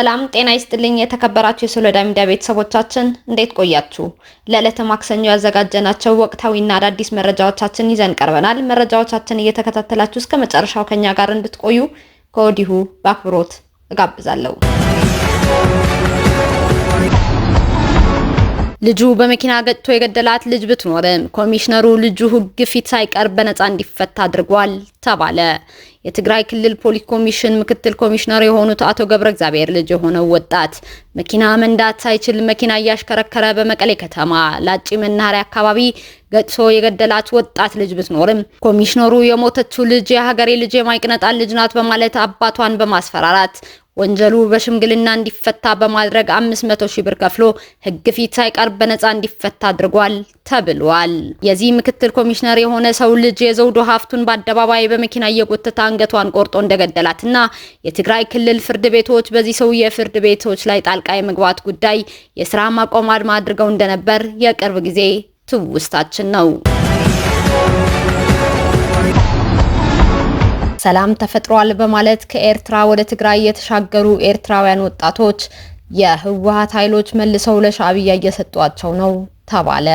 ሰላም ጤና ይስጥልኝ። የተከበራችሁ የሶሎዳ ሚዲያ ቤተሰቦቻችን እንዴት ቆያችሁ? ለዕለተ ማክሰኞ ያዘጋጀናቸው ወቅታዊና አዳዲስ መረጃዎቻችን ይዘን ቀርበናል። መረጃዎቻችን እየተከታተላችሁ እስከ መጨረሻው ከኛ ጋር እንድትቆዩ ከወዲሁ በአክብሮት እጋብዛለሁ። ልጁ በመኪና ገጭቶ የገደላት ልጅ ብትኖርም ኮሚሽነሩ ልጁ ሕግ ፊት ሳይቀር በነፃ እንዲፈታ አድርጓል ተባለ። የትግራይ ክልል ፖሊስ ኮሚሽን ምክትል ኮሚሽነር የሆኑት አቶ ገብረ እግዚአብሔር ልጅ የሆነው ወጣት መኪና መንዳት ሳይችል መኪና እያሽከረከረ በመቀሌ ከተማ ላጪ መናኸሪያ አካባቢ ገጭቶ የገደላት ወጣት ልጅ ብትኖርም ኮሚሽነሩ የሞተችው ልጅ የሀገሬ ልጅ የማይቅነጣል ልጅ ናት በማለት አባቷን በማስፈራራት ወንጀሉ በሽምግልና እንዲፈታ በማድረግ 500 ሺህ ብር ከፍሎ ህግ ፊት ሳይቀርብ በነፃ እንዲፈታ አድርጓል ተብሏል። የዚህ ምክትል ኮሚሽነር የሆነ ሰው ልጅ የዘውዱ ሀፍቱን በአደባባይ በመኪና እየጎተተ አንገቷን ቆርጦ እንደገደላትና የትግራይ ክልል ፍርድ ቤቶች በዚህ ሰው ፍርድ ቤቶች ላይ ጣልቃ የመግባት ጉዳይ የስራ ማቆም አድማ አድርገው እንደነበር የቅርብ ጊዜ ትውስታችን ነው። ሰላም ተፈጥሯል በማለት ከኤርትራ ወደ ትግራይ የተሻገሩ ኤርትራውያን ወጣቶች የህወሀት ኃይሎች መልሰው ለሻዕብያ እየሰጧቸው ነው ተባለ።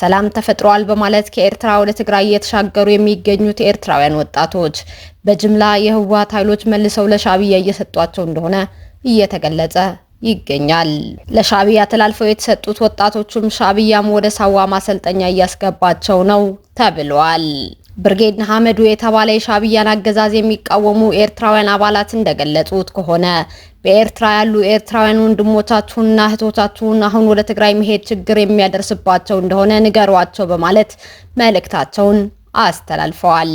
ሰላም ተፈጥሯል በማለት ከኤርትራ ወደ ትግራይ እየተሻገሩ የሚገኙት ኤርትራውያን ወጣቶች በጅምላ የህወሀት ኃይሎች መልሰው ለሻዕብያ እየሰጧቸው እንደሆነ እየተገለጸ ይገኛል። ለሻዕብያ ተላልፈው የተሰጡት ወጣቶቹም ሻዕብያም ወደ ሳዋ ማሰልጠኛ እያስገባቸው ነው ተብሏል። ብርጌድ ንሓመዱ የተባለ የሻዕቢያን አገዛዝ የሚቃወሙ ኤርትራውያን አባላት እንደገለጹት ከሆነ በኤርትራ ያሉ ኤርትራውያን ወንድሞቻችሁንና እህቶቻችሁን አሁን ወደ ትግራይ መሄድ ችግር የሚያደርስባቸው እንደሆነ ንገሯቸው በማለት መልእክታቸውን አስተላልፈዋል።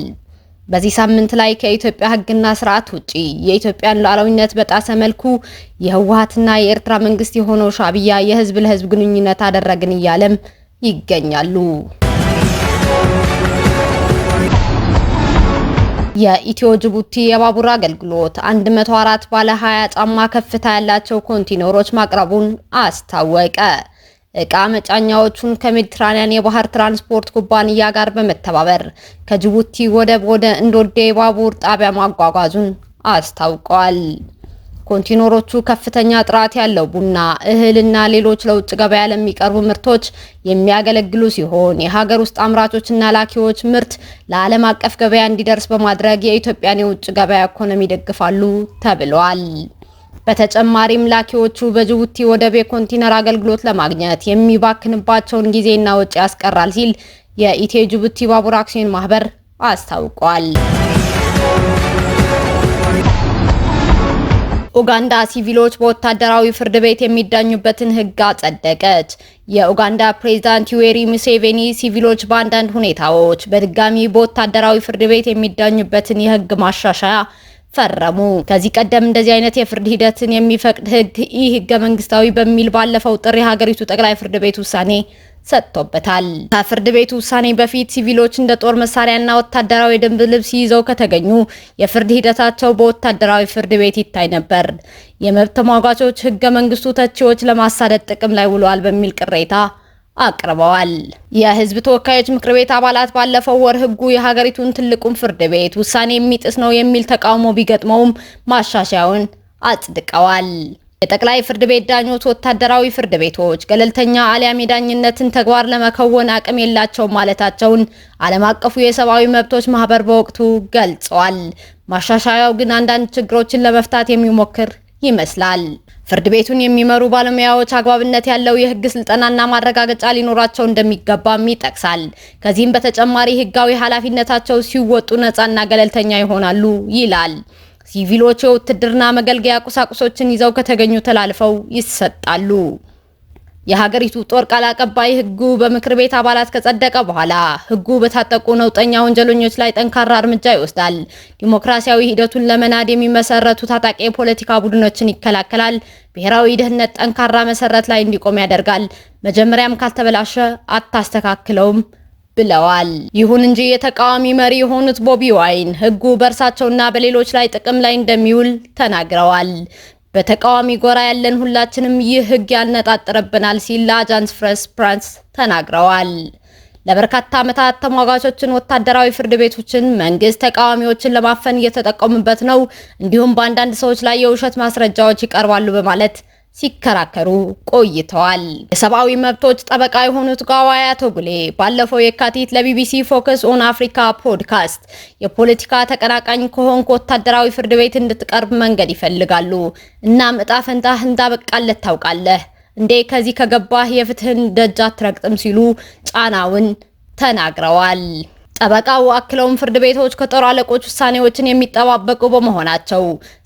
በዚህ ሳምንት ላይ ከኢትዮጵያ ሕግና ስርዓት ውጪ የኢትዮጵያን ሉዓላዊነት በጣሰ መልኩ የህወሓትና የኤርትራ መንግስት የሆነው ሻዕቢያ የህዝብ ለህዝብ ግንኙነት አደረግን እያለም ይገኛሉ። የኢትዮ ጅቡቲ የባቡር አገልግሎት 104 ባለ 20 ጫማ ከፍታ ያላቸው ኮንቲነሮች ማቅረቡን አስታወቀ። እቃ መጫኛዎቹን ከሜዲትራኒያን የባህር ትራንስፖርት ኩባንያ ጋር በመተባበር ከጅቡቲ ወደብ ወደ እንዶዴ ባቡር ጣቢያ ማጓጓዙን አስታውቋል። ኮንቲነሮቹ ከፍተኛ ጥራት ያለው ቡና፣ እህልና ሌሎች ለውጭ ገበያ ለሚቀርቡ ምርቶች የሚያገለግሉ ሲሆን የሀገር ውስጥ አምራቾችና ላኪዎች ምርት ለዓለም አቀፍ ገበያ እንዲደርስ በማድረግ የኢትዮጵያን የውጭ ገበያ ኢኮኖሚ ይደግፋሉ ተብሏል። በተጨማሪም ላኪዎቹ በጅቡቲ ወደብ የኮንቲነር አገልግሎት ለማግኘት የሚባክንባቸውን ጊዜና ወጪ ያስቀራል ሲል የኢትዮ ጅቡቲ ባቡር አክሲዮን ማህበር አስታውቋል። ኡጋንዳ ሲቪሎች በወታደራዊ ፍርድ ቤት የሚዳኙበትን ሕግ አጸደቀች። የኡጋንዳ ፕሬዝዳንት ዩዌሪ ሙሴቬኒ ሲቪሎች በአንዳንድ ሁኔታዎች በድጋሚ በወታደራዊ ፍርድ ቤት የሚዳኙበትን የሕግ ማሻሻያ ፈረሙ። ከዚህ ቀደም እንደዚህ አይነት የፍርድ ሂደትን የሚፈቅድ ሕግ ኢ ህገ መንግስታዊ በሚል ባለፈው ጥር የሀገሪቱ ጠቅላይ ፍርድ ቤት ውሳኔ ሰጥቶበታል። ከፍርድ ቤት ውሳኔ በፊት ሲቪሎች እንደ ጦር መሳሪያና ወታደራዊ የደንብ ልብስ ይዘው ከተገኙ የፍርድ ሂደታቸው በወታደራዊ ፍርድ ቤት ይታይ ነበር። የመብት ተሟጋቾች ህገ መንግስቱ ተቺዎች ለማሳደድ ጥቅም ላይ ውለዋል በሚል ቅሬታ አቅርበዋል። የህዝብ ተወካዮች ምክር ቤት አባላት ባለፈው ወር ህጉ የሀገሪቱን ትልቁን ፍርድ ቤት ውሳኔ የሚጥስ ነው የሚል ተቃውሞ ቢገጥመውም ማሻሻያውን አጽድቀዋል። የጠቅላይ ፍርድ ቤት ዳኞች ወታደራዊ ፍርድ ቤቶች ገለልተኛ አሊያም የዳኝነትን ተግባር ለመከወን አቅም የላቸውም ማለታቸውን ዓለም አቀፉ የሰብአዊ መብቶች ማህበር በወቅቱ ገልጸዋል። ማሻሻያው ግን አንዳንድ ችግሮችን ለመፍታት የሚሞክር ይመስላል። ፍርድ ቤቱን የሚመሩ ባለሙያዎች አግባብነት ያለው የህግ ስልጠናና ማረጋገጫ ሊኖራቸው እንደሚገባም ይጠቅሳል። ከዚህም በተጨማሪ ህጋዊ ኃላፊነታቸው ሲወጡ ነፃና ገለልተኛ ይሆናሉ ይላል። ሲቪሎች የውትድርና መገልገያ ቁሳቁሶችን ይዘው ከተገኙ ተላልፈው ይሰጣሉ። የሀገሪቱ ጦር ቃል አቀባይ ህጉ በምክር ቤት አባላት ከጸደቀ በኋላ ህጉ በታጠቁ ነውጠኛ ወንጀለኞች ላይ ጠንካራ እርምጃ ይወስዳል፣ ዲሞክራሲያዊ ሂደቱን ለመናድ የሚመሰረቱ ታጣቂ የፖለቲካ ቡድኖችን ይከላከላል፣ ብሔራዊ ደህንነት ጠንካራ መሰረት ላይ እንዲቆም ያደርጋል። መጀመሪያም ካልተበላሸ አታስተካክለውም ብለዋል። ይሁን እንጂ የተቃዋሚ መሪ የሆኑት ቦቢ ዋይን ህጉ በእርሳቸውና በሌሎች ላይ ጥቅም ላይ እንደሚውል ተናግረዋል። በተቃዋሚ ጎራ ያለን ሁላችንም ይህ ህግ ያነጣጥርብናል ሲል ለአጃንስ ፍረስ ፕራንስ ተናግረዋል። ለበርካታ ዓመታት ተሟጋቾችን፣ ወታደራዊ ፍርድ ቤቶችን መንግስት ተቃዋሚዎችን ለማፈን እየተጠቀሙበት ነው፣ እንዲሁም በአንዳንድ ሰዎች ላይ የውሸት ማስረጃዎች ይቀርባሉ በማለት ሲከራከሩ ቆይተዋል። የሰብአዊ መብቶች ጠበቃ የሆኑት ጋዋያ ቶጉሌ ባለፈው የካቲት ለቢቢሲ ፎከስ ኦን አፍሪካ ፖድካስት የፖለቲካ ተቀናቃኝ ከሆንክ ወታደራዊ ፍርድ ቤት እንድትቀርብ መንገድ ይፈልጋሉ። እናም እጣ ፈንታህ እንዳበቃለት ታውቃለህ እንዴ ከዚህ ከገባህ የፍትህን ደጅ አትረግጥም ሲሉ ጫናውን ተናግረዋል። ጠበቃው አክለውም ፍርድ ቤቶች ከጦር አለቆች ውሳኔዎችን የሚጠባበቁ በመሆናቸው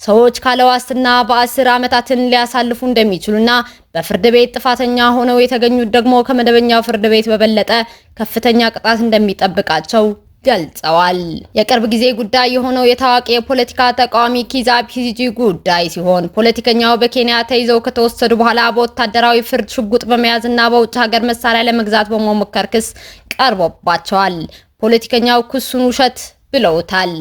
ሰዎች ካለ ዋስትና በአስር ዓመታትን ሊያሳልፉ እንደሚችሉና በፍርድ ቤት ጥፋተኛ ሆነው የተገኙት ደግሞ ከመደበኛው ፍርድ ቤት በበለጠ ከፍተኛ ቅጣት እንደሚጠብቃቸው ገልጸዋል። የቅርብ ጊዜ ጉዳይ የሆነው የታዋቂ የፖለቲካ ተቃዋሚ ኪዛ ፒሲጂ ጉዳይ ሲሆን ፖለቲከኛው በኬንያ ተይዘው ከተወሰዱ በኋላ በወታደራዊ ፍርድ ሽጉጥ በመያዝና በውጭ ሀገር መሳሪያ ለመግዛት በመሞከር ክስ ቀርቦባቸዋል። ፖለቲከኛው ክሱን ውሸት ብለውታል።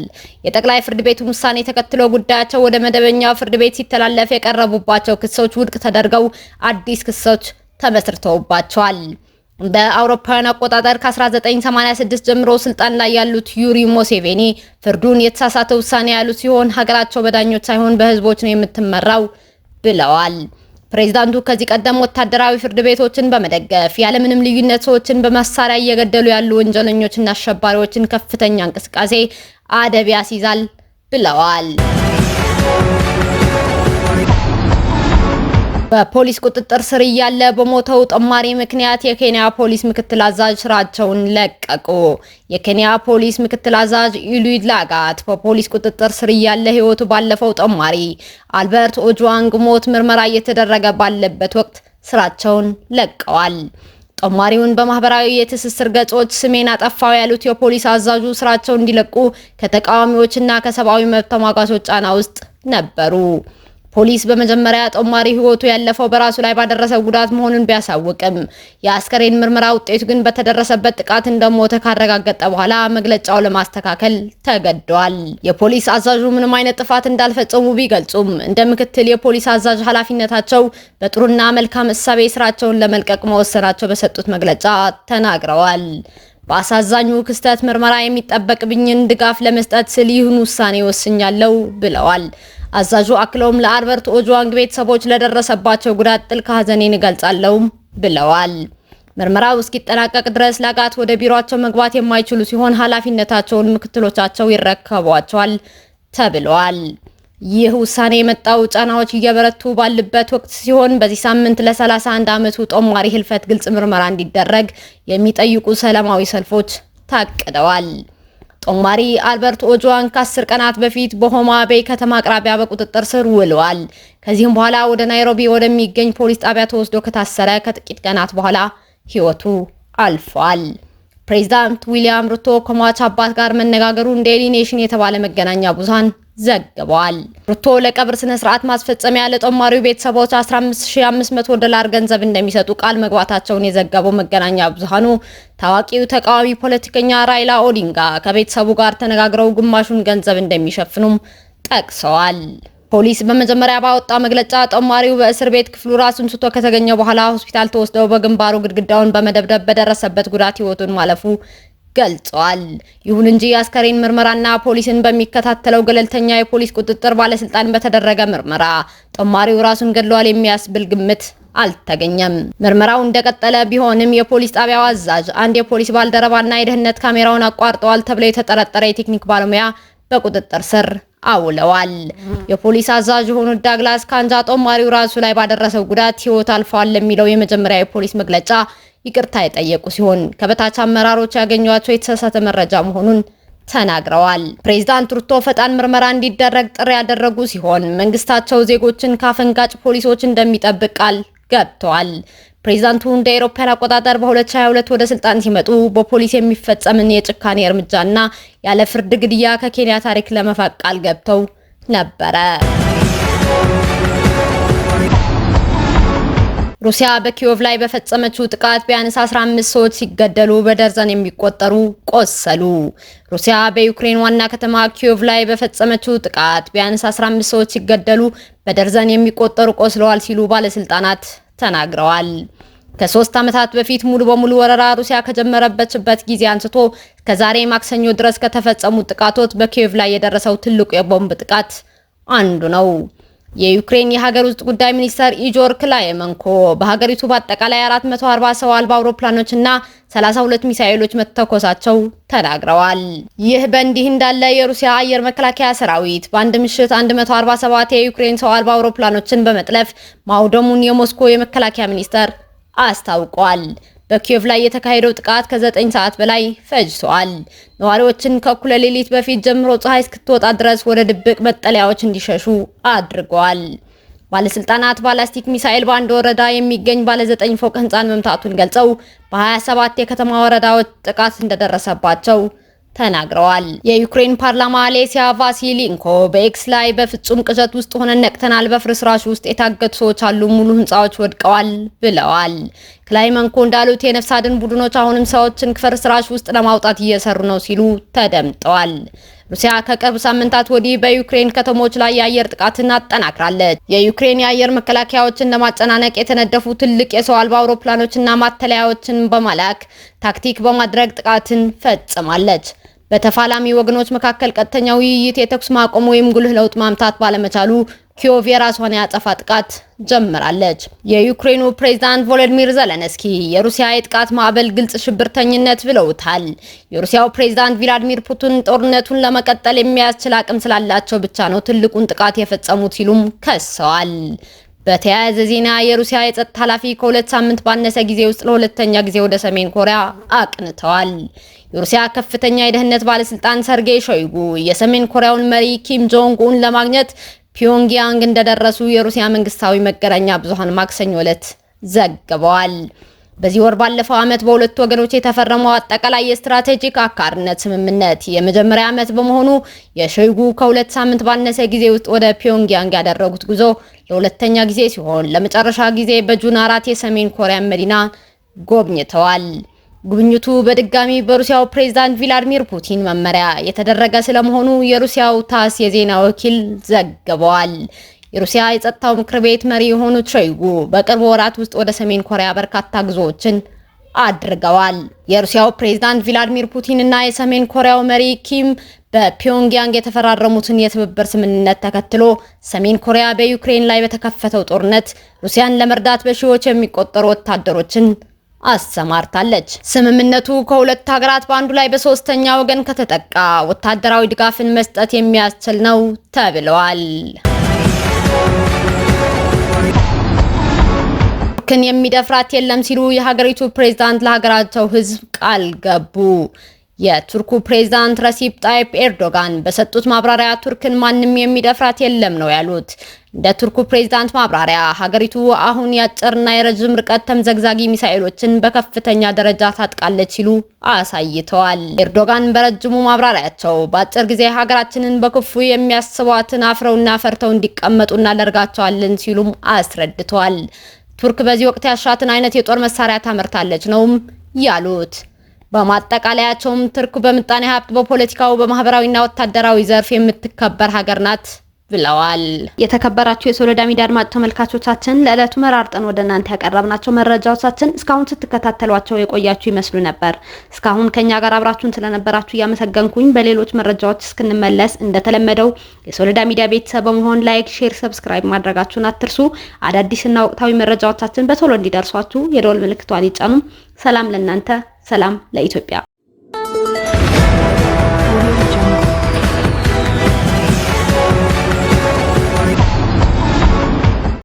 የጠቅላይ ፍርድ ቤቱን ውሳኔ ተከትሎ ጉዳያቸው ወደ መደበኛው ፍርድ ቤት ሲተላለፍ የቀረቡባቸው ክሶች ውድቅ ተደርገው አዲስ ክሶች ተመስርተውባቸዋል። በአውሮፓውያን አቆጣጠር ከ1986 ጀምሮ ስልጣን ላይ ያሉት ዩሪ ሙሴቬኒ ፍርዱን የተሳሳተ ውሳኔ ያሉት ሲሆን ሀገራቸው በዳኞች ሳይሆን በህዝቦች ነው የምትመራው ብለዋል። ፕሬዚዳንቱ ከዚህ ቀደም ወታደራዊ ፍርድ ቤቶችን በመደገፍ ያለምንም ልዩነት ሰዎችን በመሳሪያ እየገደሉ ያሉ ወንጀለኞችና አሸባሪዎችን ከፍተኛ እንቅስቃሴ አደብ ያስይዛል ብለዋል። በፖሊስ ቁጥጥር ስር እያለ በሞተው ጠማሪ ምክንያት የኬንያ ፖሊስ ምክትል አዛዥ ስራቸውን ለቀቁ። የኬንያ ፖሊስ ምክትል አዛዥ ኢሉድ ላጋት በፖሊስ ቁጥጥር ስር እያለ ህይወቱ ባለፈው ጠማሪ አልበርት ኦጁዋንግ ሞት ምርመራ እየተደረገ ባለበት ወቅት ስራቸውን ለቀዋል። ጦማሪውን በማህበራዊ የትስስር ገጾች ስሜን አጠፋው ያሉት የፖሊስ አዛዡ ስራቸው እንዲለቁ ከተቃዋሚዎችና ከሰብአዊ መብት ተሟጋቾች ጫና ውስጥ ነበሩ። ፖሊስ በመጀመሪያ ጦማሪ ሕይወቱ ያለፈው በራሱ ላይ ባደረሰው ጉዳት መሆኑን ቢያሳውቅም የአስከሬን ምርመራ ውጤቱ ግን በተደረሰበት ጥቃት እንደሞተ ካረጋገጠ በኋላ መግለጫው ለማስተካከል ተገደዋል። የፖሊስ አዛዡ ምንም አይነት ጥፋት እንዳልፈጸሙ ቢገልጹም እንደ ምክትል የፖሊስ አዛዥ ኃላፊነታቸው በጥሩና መልካም እሳቤ ስራቸውን ለመልቀቅ መወሰናቸው በሰጡት መግለጫ ተናግረዋል። በአሳዛኙ ክስተት ምርመራ የሚጠበቅብኝን ድጋፍ ለመስጠት ስል ይህን ውሳኔ ወስኛለሁ ብለዋል። አዛዡ አክለውም ለአልበርት ኦጆዋንግ ቤተሰቦች ለደረሰባቸው ጉዳት ጥልቅ ሐዘኔን እገልጻለሁም ብለዋል። ምርመራው እስኪጠናቀቅ ድረስ ለጋት ወደ ቢሮቸው መግባት የማይችሉ ሲሆን ኃላፊነታቸውን ምክትሎቻቸው ይረከቧቸዋል ተብሏል። ይህ ውሳኔ የመጣው ጫናዎች እየበረቱ ባሉበት ወቅት ሲሆን በዚህ ሳምንት ለ31 ዓመቱ ጦማሪ ህልፈት ግልጽ ምርመራ እንዲደረግ የሚጠይቁ ሰላማዊ ሰልፎች ታቅደዋል። ጦማሪ አልበርት ኦጆዋን ከአስር ቀናት በፊት በሆማ ቤይ ከተማ አቅራቢያ በቁጥጥር ስር ውለዋል። ከዚህም በኋላ ወደ ናይሮቢ ወደሚገኝ ፖሊስ ጣቢያ ተወስዶ ከታሰረ ከጥቂት ቀናት በኋላ ህይወቱ አልፏል። ፕሬዚዳንት ዊሊያም ሩቶ ከሟች አባት ጋር መነጋገሩን ዴይሊ ኔሽን የተባለ መገናኛ ብዙሃን ዘግቧል። ሩቶ ለቀብር ስነ ስርዓት ማስፈጸሚያ ለጦማሪው ቤተሰቦች 15500 ዶላር ገንዘብ እንደሚሰጡ ቃል መግባታቸውን የዘገበው መገናኛ ብዙሃኑ ታዋቂው ተቃዋሚ ፖለቲከኛ ራይላ ኦዲንጋ ከቤተሰቡ ጋር ተነጋግረው ግማሹን ገንዘብ እንደሚሸፍኑም ጠቅሰዋል። ፖሊስ በመጀመሪያ ባወጣ መግለጫ ጦማሪው በእስር ቤት ክፍሉ ራሱን ስቶ ከተገኘ በኋላ ሆስፒታል ተወስደው በግንባሩ ግድግዳውን በመደብደብ በደረሰበት ጉዳት ሕይወቱን ማለፉ ገልጸዋል። ይሁን እንጂ የአስከሬን ምርመራና ፖሊስን በሚከታተለው ገለልተኛ የፖሊስ ቁጥጥር ባለስልጣን በተደረገ ምርመራ ጦማሪው ራሱን ገድሏል የሚያስብል ግምት አልተገኘም። ምርመራው እንደቀጠለ ቢሆንም የፖሊስ ጣቢያው አዛዥ አንድ የፖሊስ ባልደረባና የደህንነት ካሜራውን አቋርጠዋል ተብሎ የተጠረጠረ የቴክኒክ ባለሙያ በቁጥጥር ስር አውለዋል። የፖሊስ አዛዥ የሆኑት ዳግላስ ካንጃ ጦማሪው ራሱ ላይ ባደረሰው ጉዳት ህይወት አልፏል የሚለው የመጀመሪያ የፖሊስ መግለጫ ይቅርታ የጠየቁ ሲሆን ከበታች አመራሮች ያገኟቸው የተሳሳተ መረጃ መሆኑን ተናግረዋል። ፕሬዚዳንት ሩቶ ፈጣን ምርመራ እንዲደረግ ጥሪ ያደረጉ ሲሆን መንግስታቸው ዜጎችን ከአፈንጋጭ ፖሊሶች እንደሚጠብቅ ቃል ገብተዋል። ፕሬዚዳንቱ እንደ አውሮፓውያን አቆጣጠር በ2022 ወደ ስልጣን ሲመጡ በፖሊስ የሚፈጸምን የጭካኔ እርምጃና ያለ ፍርድ ግድያ ከኬንያ ታሪክ ለመፋቅ ቃል ገብተው ነበረ። ሩሲያ በኪዮቭ ላይ በፈጸመችው ጥቃት ቢያንስ 15 ሰዎች ሲገደሉ በደርዘን የሚቆጠሩ ቆሰሉ። ሩሲያ በዩክሬን ዋና ከተማ ኪዮቭ ላይ በፈጸመችው ጥቃት ቢያንስ 15 ሰዎች ሲገደሉ በደርዘን የሚቆጠሩ ቆስለዋል ሲሉ ባለስልጣናት ተናግረዋል። ከሶስት ዓመታት በፊት ሙሉ በሙሉ ወረራ ሩሲያ ከጀመረበችበት ጊዜ አንስቶ ከዛሬ ማክሰኞ ድረስ ከተፈጸሙ ጥቃቶች በኪዮቭ ላይ የደረሰው ትልቁ የቦምብ ጥቃት አንዱ ነው። የዩክሬን የሀገር ውስጥ ጉዳይ ሚኒስተር ኢጆር ክላየመንኮ በሀገሪቱ በአጠቃላይ 440 ሰው አልባ አውሮፕላኖች እና 32 ሚሳኤሎች መተኮሳቸው ተናግረዋል። ይህ በእንዲህ እንዳለ የሩሲያ አየር መከላከያ ሰራዊት በአንድ ምሽት 147 የዩክሬን ሰው አልባ አውሮፕላኖችን በመጥለፍ ማውደሙን የሞስኮ የመከላከያ ሚኒስተር አስታውቋል። በኪዮቭ ላይ የተካሄደው ጥቃት ከዘጠኝ ሰዓት በላይ ፈጅቷል። ነዋሪዎችን ከኩለ ሌሊት በፊት ጀምሮ ፀሐይ እስክትወጣ ድረስ ወደ ድብቅ መጠለያዎች እንዲሸሹ አድርገዋል። ባለስልጣናት ባላስቲክ ሚሳኤል በአንድ ወረዳ የሚገኝ ባለ ዘጠኝ ፎቅ ህንፃን መምታቱን ገልጸው በ27 የከተማ ወረዳዎች ጥቃት እንደደረሰባቸው ተናግረዋል። የዩክሬን ፓርላማ አሌሲያ ቫሲሊንኮ በኤክስ ላይ በፍጹም ቅዠት ውስጥ ሆነን ነቅተናል፣ በፍርስራሽ ውስጥ የታገቱ ሰዎች አሉ፣ ሙሉ ህንፃዎች ወድቀዋል ብለዋል። ክላይመንኮ እንዳሉት የነፍስ አድን ቡድኖች አሁንም ሰዎችን ከፍርስራሽ ውስጥ ለማውጣት እየሰሩ ነው ሲሉ ተደምጠዋል። ሩሲያ ከቅርብ ሳምንታት ወዲህ በዩክሬን ከተሞች ላይ የአየር ጥቃትን አጠናክራለች። የዩክሬን የአየር መከላከያዎችን ለማጨናነቅ የተነደፉ ትልቅ የሰው አልባ አውሮፕላኖችና ማተለያዎችን በማላክ ታክቲክ በማድረግ ጥቃትን ፈጽማለች። በተፋላሚ ወገኖች መካከል ቀጥተኛ ውይይት፣ የተኩስ ማቆም ወይም ጉልህ ለውጥ ማምጣት ባለመቻሉ ኪዮቭ የራሷን የአጸፋ ጥቃት ጀምራለች። የዩክሬኑ ፕሬዝዳንት ቮሎዲሚር ዘለንስኪ የሩሲያ የጥቃት ማዕበል ግልጽ ሽብርተኝነት ብለውታል። የሩሲያው ፕሬዝዳንት ቪላዲሚር ፑቲን ጦርነቱን ለመቀጠል የሚያስችል አቅም ስላላቸው ብቻ ነው ትልቁን ጥቃት የፈጸሙት ሲሉም ከሰዋል። በተያያዘ ዜና የሩሲያ የጸጥታ ኃላፊ ከሁለት ሳምንት ባነሰ ጊዜ ውስጥ ለሁለተኛ ጊዜ ወደ ሰሜን ኮሪያ አቅንተዋል። የሩሲያ ከፍተኛ የደህንነት ባለስልጣን ሰርጌይ ሾይጉ የሰሜን ኮሪያውን መሪ ኪም ጆንግ ኡን ለማግኘት ፒዮንግያንግ እንደደረሱ የሩሲያ መንግስታዊ መገናኛ ብዙሃን ማክሰኞ ዕለት ዘግበዋል። በዚህ ወር ባለፈው ዓመት በሁለቱ ወገኖች የተፈረመው አጠቃላይ የስትራቴጂክ አጋርነት ስምምነት የመጀመሪያ ዓመት በመሆኑ የሸይጉ ከሁለት ሳምንት ባነሰ ጊዜ ውስጥ ወደ ፒዮንግያንግ ያደረጉት ጉዞ ለሁለተኛ ጊዜ ሲሆን ለመጨረሻ ጊዜ በጁን አራት የሰሜን ኮሪያን መዲና ጎብኝተዋል። ጉብኝቱ በድጋሚ በሩሲያው ፕሬዝዳንት ቪላዲሚር ፑቲን መመሪያ የተደረገ ስለመሆኑ የሩሲያው ታስ የዜና ወኪል ዘግበዋል። የሩሲያ የጸጥታው ምክር ቤት መሪ የሆኑት ሾይጉ በቅርብ ወራት ውስጥ ወደ ሰሜን ኮሪያ በርካታ ጉዞዎችን አድርገዋል። የሩሲያው ፕሬዝዳንት ቪላዲሚር ፑቲን እና የሰሜን ኮሪያው መሪ ኪም በፒዮንግያንግ የተፈራረሙትን የትብብር ስምምነት ተከትሎ ሰሜን ኮሪያ በዩክሬን ላይ በተከፈተው ጦርነት ሩሲያን ለመርዳት በሺዎች የሚቆጠሩ ወታደሮችን አሰማርታለች። ስምምነቱ ከሁለት ሀገራት በአንዱ ላይ በሶስተኛ ወገን ከተጠቃ ወታደራዊ ድጋፍን መስጠት የሚያስችል ነው ተብለዋል። ክን የሚደፍራት የለም ሲሉ የሀገሪቱ ፕሬዝዳንት ለሀገራቸው ሕዝብ ቃል ገቡ። የቱርኩ ፕሬዝዳንት ረሲፕ ጣይፕ ኤርዶጋን በሰጡት ማብራሪያ ቱርክን ማንም የሚደፍራት የለም ነው ያሉት። እንደ ቱርኩ ፕሬዝዳንት ማብራሪያ ሀገሪቱ አሁን የአጭርና የረዥም ርቀት ተምዘግዛጊ ሚሳኤሎችን በከፍተኛ ደረጃ ታጥቃለች ሲሉ አሳይተዋል። ኤርዶጋን በረጅሙ ማብራሪያቸው በአጭር ጊዜ ሀገራችንን በክፉ የሚያስቧትን አፍረውና ፈርተው እንዲቀመጡ እናደርጋቸዋለን ሲሉም አስረድተዋል። ቱርክ በዚህ ወቅት ያሻትን አይነት የጦር መሳሪያ ታመርታለች ነውም ያሉት። በማጠቃለያቸውም ቱርክ በምጣኔ ሀብት፣ በፖለቲካው፣ በማህበራዊና ወታደራዊ ዘርፍ የምትከበር ሀገር ናት ብለዋል። የተከበራችሁ የሶሎዳ ሚዲያ አድማጭ ተመልካቾቻችን ለዕለቱ መራርጠን ወደ እናንተ ያቀረብናቸው መረጃዎቻችን እስካሁን ስትከታተሏቸው የቆያችሁ ይመስሉ ነበር። እስካሁን ከኛ ጋር አብራችሁን ስለነበራችሁ እያመሰገንኩኝ በሌሎች መረጃዎች እስክንመለስ እንደተለመደው የሶሎዳ ሚዲያ ቤተሰብ በመሆን ላይክ፣ ሼር፣ ሰብስክራይብ ማድረጋችሁን አትርሱ። አዳዲስና ወቅታዊ መረጃዎቻችን በቶሎ እንዲደርሷችሁ የደወል ምልክቷን ይጫኑም። ሰላም ለእናንተ ሰላም ለኢትዮጵያ።